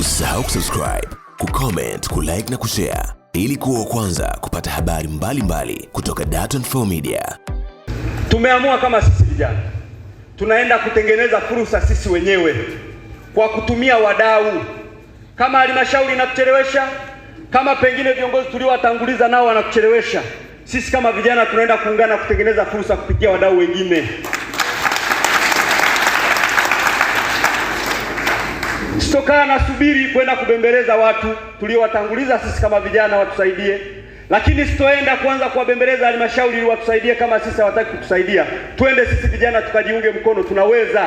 Usisahau kusubscribe, kucomment, kulike na kushare ili kuwa kwanza kupata habari mbalimbali mbali kutoka Dar24 Media. Tumeamua kama sisi vijana tunaenda kutengeneza fursa sisi wenyewe kwa kutumia wadau. Kama halmashauri inatuchelewesha, kama pengine viongozi tuliowatanguliza nao wanakuchelewesha sisi kama vijana tunaenda kuungana kutengeneza fursa kupitia wadau wengine. Sitokaa nasubiri kwenda kubembeleza watu tuliowatanguliza sisi kama vijana watusaidie, lakini sitoenda kuanza kuwabembeleza halmashauri ili watusaidie kama sisi hawataki kutusaidia. Twende sisi vijana tukajiunge mkono, tunaweza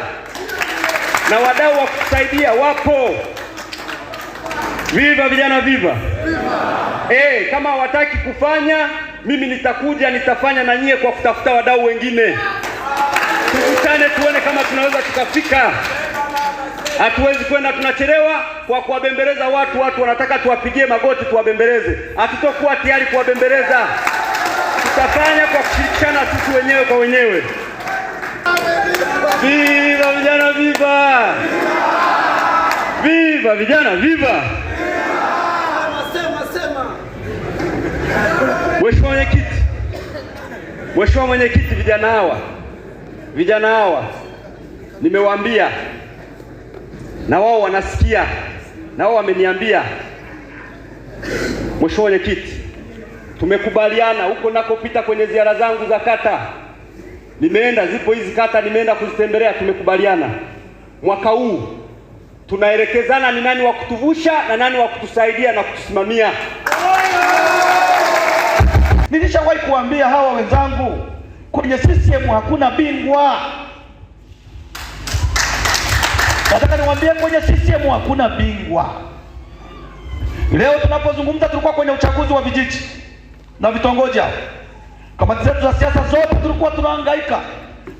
na wadau wa kutusaidia wapo. Viva vijana, viva, viva. E, kama hawataki kufanya, mimi nitakuja nitafanya na nyie kwa kutafuta wadau wengine, tukutane tuone kama tunaweza tukafika. Hatuwezi kwenda tunachelewa kwa kuwabembeleza watu. Watu wanataka tuwapigie magoti tuwabembeleze, hatutokuwa tayari kuwabembeleza. Tutafanya kwa kushirikiana sisi wenyewe kwa wenyewe. Viva vijana, viva viva vijana, viva! Mheshimiwa Mwenyekiti, Mheshimiwa Mwenyekiti, vijana hawa vijana hawa nimewaambia na wao wanasikia, na wao wameniambia, mheshimiwa mwenyekiti, tumekubaliana huko nakopita kwenye ziara zangu za kata, nimeenda zipo hizi kata, nimeenda kuzitembelea, tumekubaliana mwaka huu tunaelekezana ni nani wa kutuvusha na nani wa kutusaidia na kutusimamia. Nilishawahi kuambia hawa wenzangu, kwenye CCM hakuna bingwa. Nataka niwaambie kwenye CCM hakuna bingwa. Leo tunapozungumza tulikuwa kwenye uchaguzi wa vijiji na vitongoji hapo. Kamati zetu za siasa zote tulikuwa tunahangaika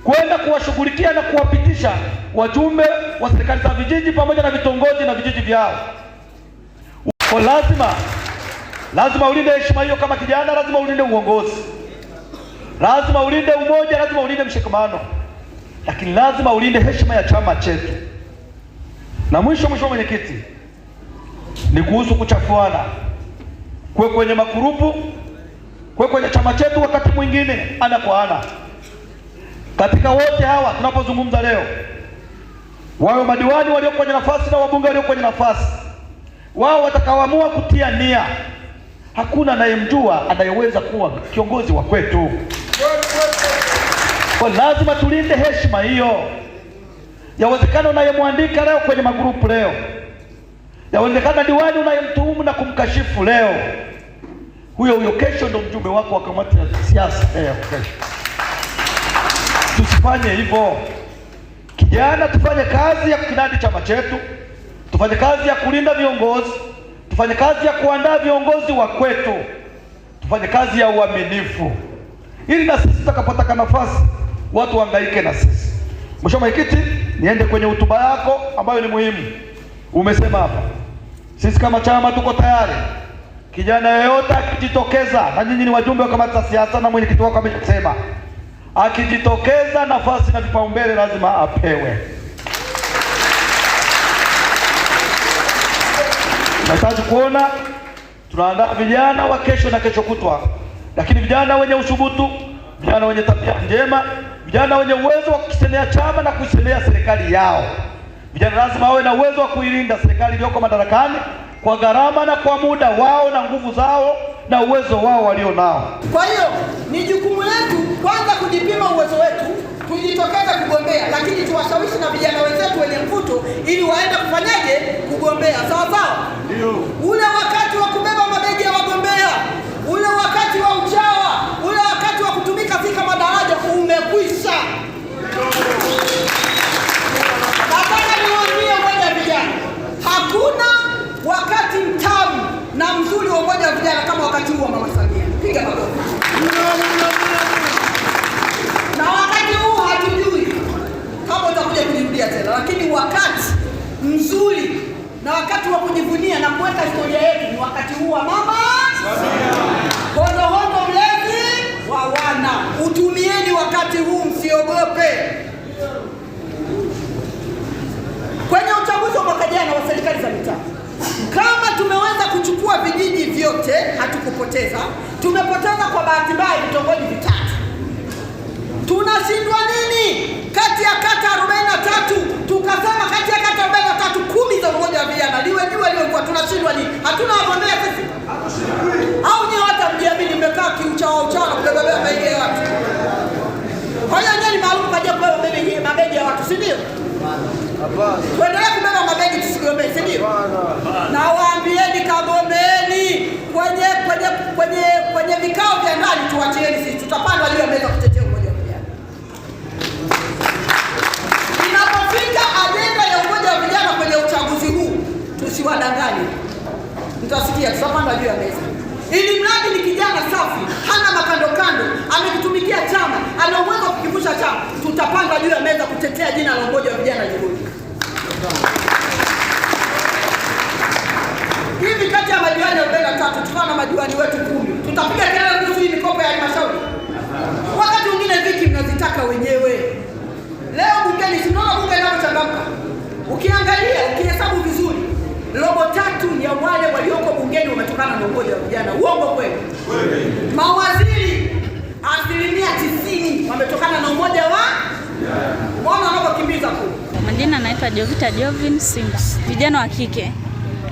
kwenda kuwashughulikia na kuwapitisha wajumbe wa serikali za vijiji pamoja na vitongoji na vijiji vyao. Uko lazima lazima ulinde heshima hiyo kama kijana, lazima ulinde uongozi, lazima ulinde umoja, lazima ulinde mshikamano, lakini lazima ulinde heshima ya chama chetu. Na mwisho mwisho, mwenyekiti, ni kuhusu kuchafuana kuwe kwenye makurupu, kuwe kwenye chama chetu, wakati mwingine ana kwa ana. Katika wote hawa tunapozungumza leo, wawe madiwani walio kwenye nafasi na wabunge walio kwenye nafasi, wao watakaoamua kutia nia, hakuna anayemjua anayeweza kuwa kiongozi wa kwetu, kwa lazima tulinde heshima hiyo. Yawezekana unayemwandika leo kwenye magrupu leo, yawezekana diwani unayemtuhumu na kumkashifu leo, huyo huyo kesho ndo mjumbe wako wa kamati ya siasa leo kesho. Tusifanye hivyo kijana, tufanye kazi ya kukinadi chama chetu, tufanye kazi ya kulinda viongozi, tufanye kazi ya kuandaa viongozi wa kwetu, tufanye kazi ya uaminifu, ili na sisi tutakapotaka nafasi watu waangaike na sisi. Mheshimiwa Mwenyekiti, niende kwenye hotuba yako ambayo ni muhimu. Umesema hapa, sisi kama chama tuko tayari, kijana yeyote akijitokeza, na nyinyi ni wajumbe wa kamati za siasa na mwenyekiti wako amesema, akijitokeza nafasi na vipaumbele lazima apewe. Nataka kuona tunaandaa vijana wa kesho na kesho kutwa, lakini vijana wenye uthubutu, vijana wenye tabia njema Vijana wenye uwezo wa kukisemea chama na kuisemea serikali yao. Vijana lazima wawe na uwezo wa kuilinda serikali iliyoko madarakani kwa gharama na kwa muda wao na nguvu zao na uwezo wao walio nao. Kwa hiyo ni jukumu letu kwanza kujipima uwezo wetu, kujitokeza kugombea, lakini tuwashawishi na vijana wenzetu wenye mvuto ili waende kufanyaje? Kugombea. Sawa sawa, ndio ule lakini wakati mzuri na wakati wa kujivunia na kuweka historia yetu ni wakati huu wa mama hondohondo mlezi wa wana. Utumieni wakati huu, msiogope. Kwenye uchaguzi wa mwaka jana wa serikali za mitaa, kama tumeweza kuchukua vijiji vyote, hatukupoteza. Tumepoteza kwa bahati mbaya vitongoji vitatu. Tunashindwa nini kati ya kata 43? Tuendelee kubeba mabegi tusigombee, si ndio? Nawaambieni kagombeni kwenye kwenye kwenye kwenye vikao vya ndani, tuwachieni sisi, tutapanda hiyo meza kutetea umoja wa vijana. Inapofika ajenda ya umoja wa vijana kwenye uchaguzi huu, tusiwadanganye, mtasikia, tutapanda juu ya meza, ili mradi ni kijana safi, hana makandokando, amekitumikia chama, ana uwezo wa kukivusha chama, tutapanda juu ya meza kutetea jina la umoja Ukiangalia ukihesabu vizuri, robo tatu ya wale walioko bungeni wametokana na uongozi wa vijana. Uongo kweli? Mawaziri asilimia tisini wametokana na umoja wa mbona wanavyokimbiza ku. Majina anaitwa Jovita Jovin Simba, vijana wa kike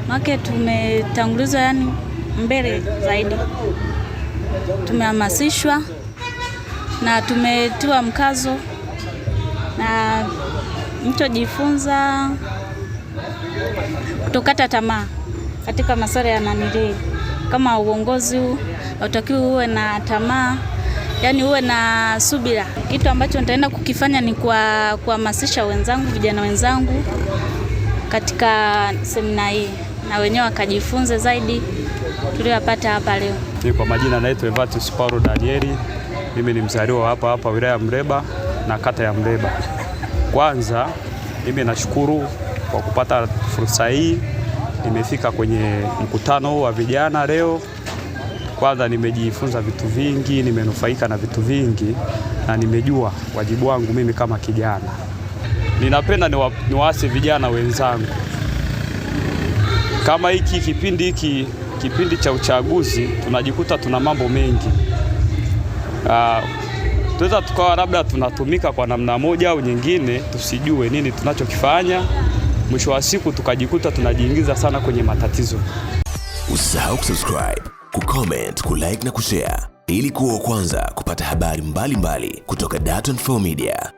make tumetangulizwa yani mbele zaidi, tumehamasishwa na tumetiwa mkazo na ajifunza kutokata tamaa katika masuala ya nanilii kama uongozi huu, uwe na tamaa, yani uwe na subira. Kitu ambacho nitaenda kukifanya ni kuhamasisha wenzangu, vijana wenzangu katika semina hii, na wenyewe wakajifunze zaidi tuliyopata hapa leo. Mimi kwa majina naitwa Evatus Paulo Danieli, mimi ni mzaliwa hapa hapa wilaya ya Mleba na kata ya Mleba. Kwanza mimi nashukuru kwa kupata fursa hii, nimefika kwenye mkutano wa vijana leo. Kwanza nimejifunza vitu vingi, nimenufaika na vitu vingi na nimejua wajibu wangu mimi kama kijana. Ninapenda niwaase vijana wenzangu, kama hiki kipindi hiki kipindi cha uchaguzi tunajikuta tuna mambo mengi ah, tunaweza tukawa labda tunatumika kwa namna moja au nyingine, tusijue nini tunachokifanya, mwisho wa siku tukajikuta tunajiingiza sana kwenye matatizo. Usisahau kusubscribe, kucomment, kulike na kushare ili kuwa wa kwanza kupata habari mbalimbali mbali kutoka Dar24 Media.